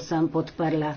sem podprla.